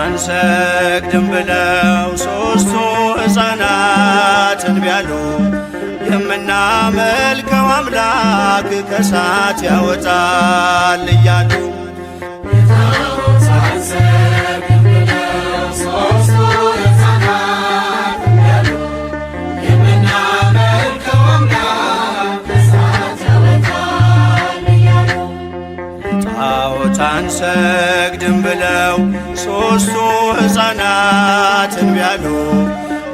አንሰግድም ብለው ሦስቱ ሕፃናት እንቢ የምናመልከው አምላክ ከእሳት ያወጣል እያሉ አንሰግድም ብለው ሦስቱ ሕፃናት እምቢ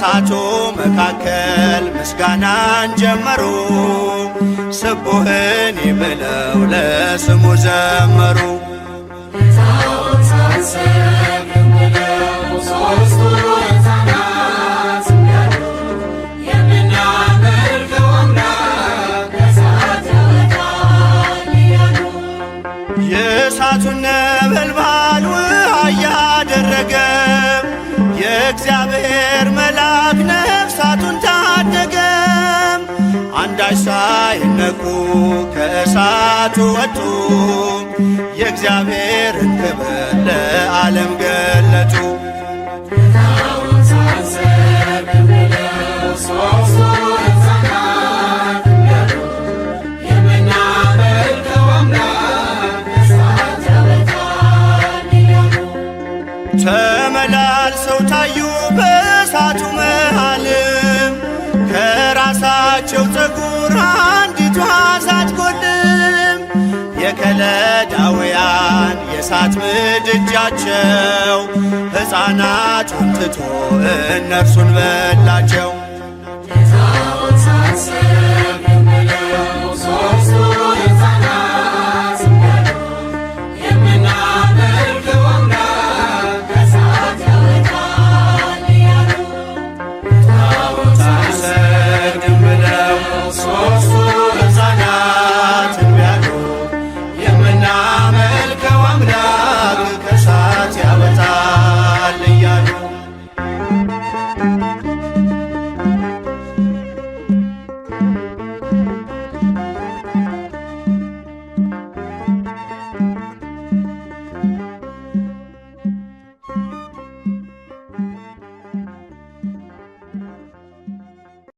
በእሳቱ መካከል ምስጋናን ጀመሩ። ስቡህን ብለው ለስሙ ዘመሩ። የእሳቱን ነበልባል ውሃ ያደረገ የእግዚአብሔር መልአክ ነፍሳቱን ታደገም። አንዳች ሳይነቁ ከእሳቱ ወጡ። የእግዚአብሔርን ክብር ለዓለም ገለጡ። Turn ታዩ በእሳቱ መሃልም ከራሳቸው ፀጉር አንዲቷ ሳትጎድም የከለዳውያን የእሳት ምድጃቸው ሕፃናቱን ትቶ እነርሱን በላቸው።